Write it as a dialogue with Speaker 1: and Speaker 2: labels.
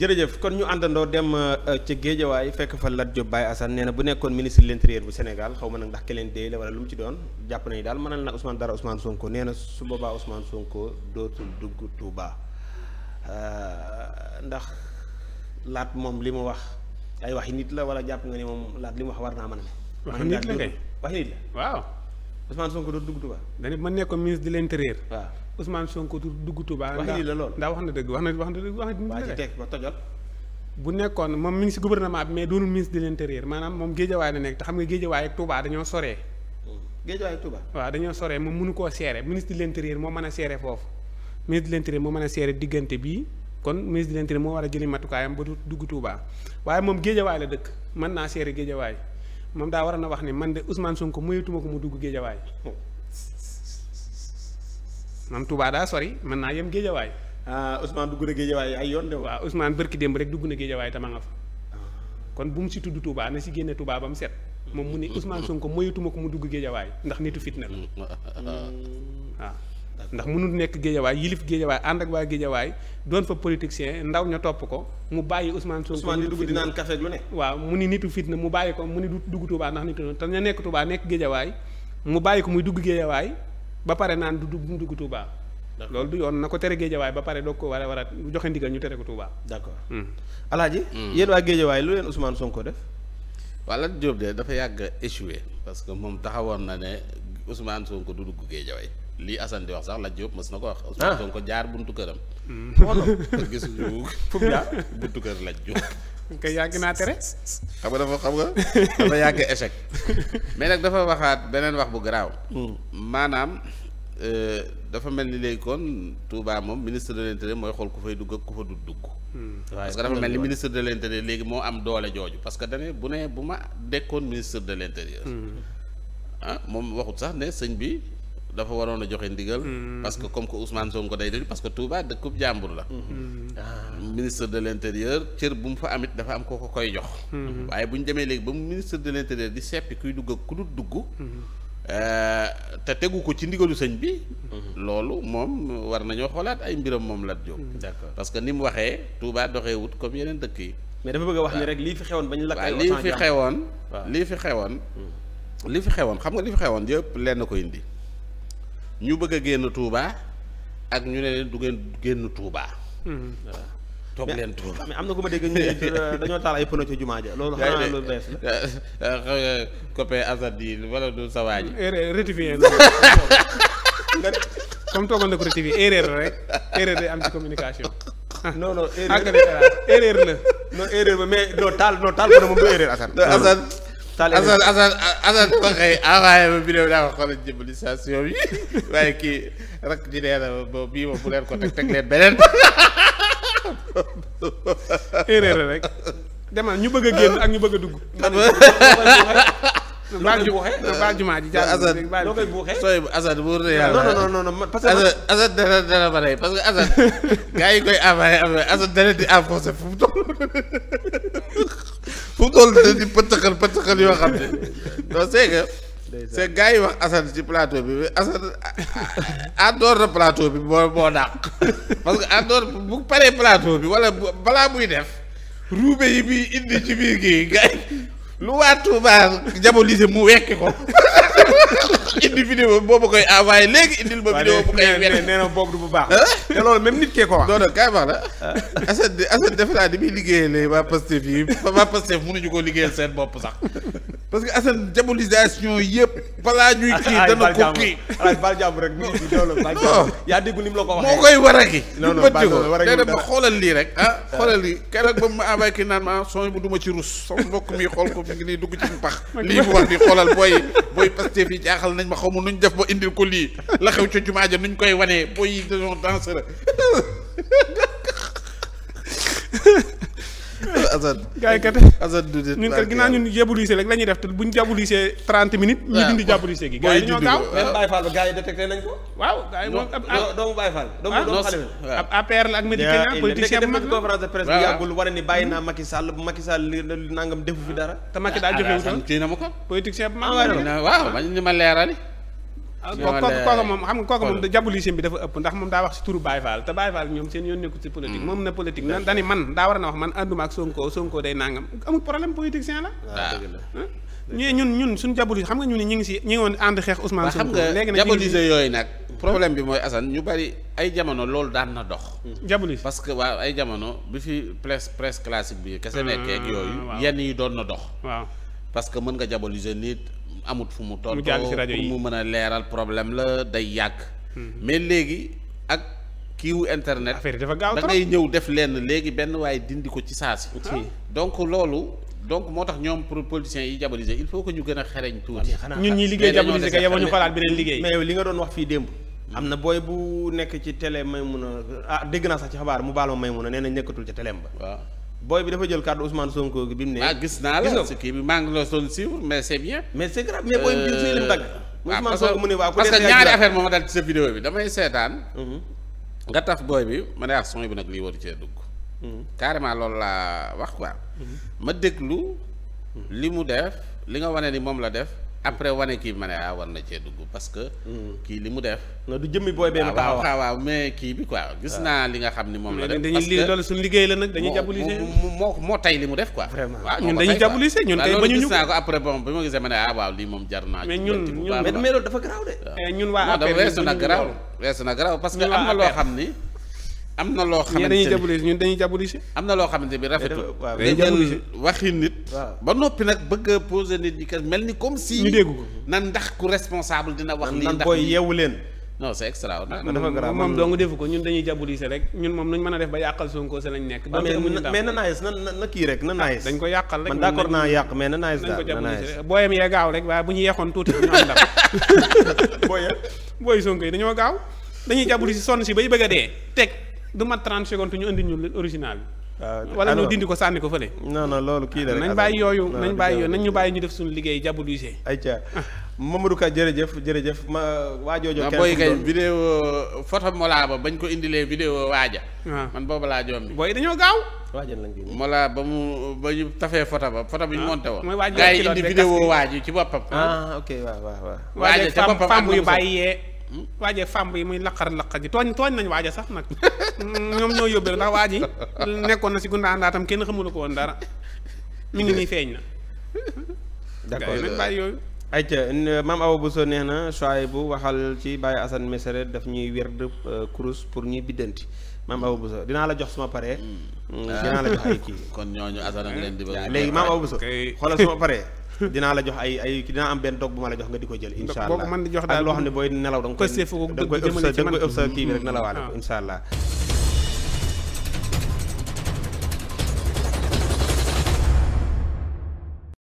Speaker 1: jërëjëf kon ñu àndandoo dem euh, ca géejawaay fekk fa Lat Diop Baye Assane nee na bu nekkoon ministre de l'intérieur bu Sénégal xaw ma nag ndax keleen dee la wala lu mu ci doon jàpp nañu daal mënal na Ousmane dara Ousmane nee na su boobaa Ousmane Sonko dootul dugg Touba euh, laat moom li mu wax ay waxi nit la wala jàpp nga ne moom laat li mu wax war naa mën a. waxi nit la kay waxi nit la waaw. Ousmane Sonko dootul
Speaker 2: dugg Touba. dañu ma nekkoon ministre de l'intérieur. waaw. Ousmane sonk dugg Touba. wax ni la lool ndax wax na dëgg wax na wax na dëgg wax na. waa ci teg ba tojal. moom mi ngi mais doonul ministre de l' moom géejawaay la nekk te xam nga géejawaay ak Touba dañoo soree. Hmm. géejawaay ak waaw dañoo soree moom mënu koo seere ministre de moo mën seere foofu ministre de l' moo mën a seere diggante bii kon ministre de moo war a jëli matukaayam ba du dugg Touba waaye moom géejawaay la dëkk mën naa seere géejawaay moom daa war a na wax ni man de Ousmane Sonko moytuma ko mu dugg géejawaay hmm. maam Touba daa sori mën naa yem géejawaay. ah Ousmane dugg na géejawaay ay yoon de. waaw Ousmane bërki démb rek dugg na géejawaay te ma nga fa. kon bu mu si tudd Touba na si génne Touba ba mu set. moom mu ne Ousmane Sonko moyatuma ko mu dugg géejawaay ndax nitu fitna la. waaw hmm. ah. ndax mënul nekk géejawaay yilif géejawaay ànd ak waa géejawaay doon fa politicien ndaw ña topp ko mu bàyyi Ousmane Sonko. Ousmane di dugg di naan café lu ne. waaw mu ni nitu fitna mu bàyyi ko mu ni du dugg Touba ndax nitu te ña nekk Touba nekk géejawaay mu bàyyi ko mu dugg géejawaay ba pare naan du dugg dugg Touba. loolu du yoon na ko tere géejawaay ba pare doog ko war a war a joxe a ñu tere ko Touba.
Speaker 3: d'accord hmm.
Speaker 1: alaaji hmm. yéen waa géejawaay lu leen Ousmane Sonko def.
Speaker 3: wala Diop de dafa yàgg échoué parce que moom taxawoon na ne Ousmane Sonko du dugg Géejawaay lii Assane di wax sax la Diop mës na ko wax. Ah. Ousmane ko jaar buntu këram. xoolal gis nga fu jaar buntu kër la Diop.
Speaker 2: nga yàgg naa tere.
Speaker 3: xam nga dafa xam nga dafa yàgg échec mais nag dafa waxaat beneen wax bu garaaw. Hmm. maanaam euh, dafa mel ni léegi kon Touba moom ministre de l'intérieur mooy xool ku fay dugg ak ku fa du dugg. Hmm. parce que dafa mel ni ministre de l'intérieur léegi moo am doole jooju parce que dane bu ne bu ma dekkoon ministre de l'intérieur. Hmm. Ah, moom waxut sax ne sëñ bi dafa waroon a joxe ndigal. Mm-hmm. parce que comme que Ousmane Sonko day déglu parce que Touba dëkkub jàmbur la. Mm-hmm. Ah, ministre de l' intérieur cër bu mu fa amit dafa am ko ko koy jox. Mm-hmm. waaye bu ñu demee léegi ba mu ministre de l' intérieur di seppi kuy dugg ku dul dugg. Euh, te tegu ko ci ndigalu sëñ bi. loolu moom war nañoo xoolaat ay mbiram moom Lat Diop. d'accord parce que ni mu waxee Touba doxee wut comme yeneen dëkk yi. mais dafa bëgg a wax ni rek lii fi xewoon bañ. lakk lii fi xewoon. lii fi xewoon. lii fi xewoon xam nga lii fi xewoon yëpp lenn ko indi. ñu bëgg a génn Touba ak ñu ne leen du génn Touba. waaw hmm. toog leen Touba. mais am na ku ma dégg ñu ne euh, dañoo taal ay pneu ci jumaa ja loolu xam naa loolu bees la. Euh, xam nga copain waa ji. rectifier
Speaker 2: comme toogoon na ko rectifier rek erreur day am ci communication.
Speaker 3: non non erreur la erreur la. non erreur ba mais non taal non taal ko Talla Assane Assane Assane ba xëy envoyé ma bi waaye kii rakk ji nee na ba bii moom bu leen ko teg teg leen beneen. erreur rek demal ñu bëgg a génn ak ñu bëgg dugg.
Speaker 2: baal ju waxee baal jumaa ji jàll loo koy buuxee sooy
Speaker 3: Assane bu wóor na yàlla non non non parce que Assane Assane dana dana ma rey parce que koy envoyé am Assane dana di enfoncé fu mu toll toll na di pëtëxal pëtëxal yi wax Assane ci plateau bi Assane en dehors de plateau bi moo moo dàq parce que en dehors bu paree plateau bi wala balaa muy def ruube yi muy indi ci biir gi gars lu waa Touba mu wekki ko indi vidéo boobu koy envoyé léegi indil ma vidéo bu koy wet nee na boobu du bu baax te loolu même nit kee ko wax non non kaay wax la ah. Assane Assane defe naa di muy liggéeyale waa Pastef yi waa Pastef mënuñu ko liggéeyal seen bopp sax parce que Assane diabolisation yëpp balaa ñuy kii dana ko kii bal jàmm rek mi loolu bal jàmm yaa déggul ni la ko moo koy waragi. non non baax na waragi mu dara xoolal lii rek ah. ah. xoolal lii keroog ba ma envoyé kii naan ma ah, son bu duma ci rus sama mbokk mi xool ko mi ngi nii dugg ci pax. lii bu wax ni xoolal booy booy Pastef yi jaaxal nañ ma xaw ma nuñ def ba indil ko lii la xew ca jumaa ja nuñ koy wanee booy yi dañoo dangereux azad gars yi kat azad du ñun kat ginnaaw
Speaker 2: ñun jabolisé rek la ñuy def te buñ trente minutes ñu dindi jabolisé gi gars yi ñoo gaaw même Baye Fall
Speaker 1: ba gars yi détecté nañ ko waaw gars doomu Baye Fall ah. ab APR la ak médicament ah, politicien bu
Speaker 3: mag conférence de bi yàggul
Speaker 1: war ni bàyyi naa Macky
Speaker 3: ma ko ma leerali Ah, kooku kooku moom xam nga kooku moom
Speaker 2: diabolisme bi dafa ëpp ndax moom daa wax si turu Baye Fall te Baye Fall ñoom seen yoon nekkul si politique hmm. moom na politique na dani man daa war na wax man ànduma ak Sonko Sonko day nangam amul problème politicien ah, ah. ñun ñun suñu diabolisé xam nga ñu ñu ngi si ñu ngi woon ànd xeex Ousmane Sonko léegi
Speaker 3: yooyu nag problème bi mooy Assane ñu bari ay jamono loolu daan na dox hmm. diabolisé parce que waaw ay jamono bi fi presse presse classique bi kese hmm, nekkee ak yooyu yenn yi doon na dox waaw parce que mën nga diaboliser nit amut fu mu toll mu mën a leeral problème la day yàgg hmm. mais léegi ak kiiwu internet da ngay ñëw def lenn léegi benn waaye dindi ko ci saa ah. donc loolu donc moo tax ñoom pour politiciens yi diaboliser il faut que ñu gën a xereñ tuuti ñun ñi liggéey diaboliser ka yow ñu xalaat beneen liggéey mais yow li
Speaker 1: nga doon wax fii démb hmm. am na booy bu nekk ci tele may mun a ah dégg naa sax ci xabaar mu baal ma may mun a nee na nekkatul ca téléem ba waa booy bi dafa jël kàddu Ousmane Sonko bi mu ne. ah gis naa la si kii
Speaker 3: bi maa ngi la doon suivre mais c'est bien. mais c'est grave mais booy bi mu suñu lim dagg. Euh,
Speaker 1: waaw parce que parce que
Speaker 3: ñaari affaire moom dal ci sa vidéo bi damay seetaan. Mhm. nga tax booy bi ma ne ah son bi nag lii waru cee dugg. Mhm. carrément loolu laa wax quoi. Mhm. ma déglu. li mu def li nga wane ni moom la def. après wane kii ma ne ah war na cee dugg parce que. Hmm. kii li mu def. du jëmmi booy bee ma taxaw waaw waaw mais kii bi quoi. gis ah. naa li nga xam ni moom la hmm, def. parce loolu suñu
Speaker 2: liggéey la nag dañu jàppalisee.
Speaker 3: moo moo li mu def ñun dañuy jàppalisee ñun ñu. ko après bon bi ma gisee ma ne ah waaw lii moom jar naa. mais ñun ñun mais loolu
Speaker 2: dafa garaaw de. Ah. Eh, ñun
Speaker 3: waa APR weesu na garaaw weesu na garaaw parce que am na loo xam ni am na loo xamante ni ñun dañuy diaboliser am na loo xamante bi rafetul dañuy ba noppi nag bëgg a poser nit mel ni comme nan ndax ku responsable dina wax lii ndax yeewu leen non c'est extraordinaire ah, dafa grave moom dong ko ñun dañuy diaboliser rek ñun moom nuñ mën a def ba
Speaker 2: yàqal Sonko si lañ nekk ah, mais na
Speaker 1: naagis na na kii rek na ah, naagis dañ
Speaker 2: ko yàqal rek man d'accord naa
Speaker 1: yàq mais na naagis dañ ko
Speaker 2: gaaw rek waaye bu ñu yeexoon tuuti ñu am ndam booy Sonko yi dañoo gaaw dañuy diaboliser sonn si bay bëgg a dee teg du mat 30 secondes ñu indi ñu original bi. Ah, wala dindi ko sànni ko fële.
Speaker 1: non non loolu
Speaker 2: kii la rek bàyyi yooyu nañ
Speaker 1: bàyyi yooyu
Speaker 3: nañ ñu bàyyi ñu def suñu liggéey jabulise.
Speaker 1: ayca ah. Mamadou Ka jërëjëf jërëjëf ma waajoo jo. kenn booy kay
Speaker 3: vidéo photo Mollah ba bañ ko indilee vidéo waaja. Ah. man boobu laa jombi. booy dañoo gaaw. waajal lañ koy Mollah ba mu ba ñu tafee photo ba photo bi ñu monté woon. mooy waajal ci loolu indi vidéo waaj ci boppam. ah
Speaker 1: ok waaw waaw waaw. waajal ca
Speaker 2: waaje fàmb yi muy laqar laqar ji tooñ tooñ nañ waaja sax nag ñoom ñoo yóbbee ndax waa ji nekkoon na si gunda àndaatam kenn xamula ko woon dara mu ngi nii feeñ na
Speaker 1: d'accord nag bàyyi yooyu ayca maam Awa Bousso neex na choix bu waxal ci Baye Assane Mesere daf ñuy werd euh, kurus pour ñuy biddanti maam Awa Bousso dinaa la jox suma paree mm. mm, dinaa la léegi maam Awa Bousso xoolal suma paree dinaa la jox ay ay dinaa am benn dog bu ma la jox nga di ko jël insha allah boo ko mën di jox loo xam ne booy nelaw da nga koy da nga koy ëpp sa da koy ëpp sa kii bi rek nelawaale ko ah. insha allah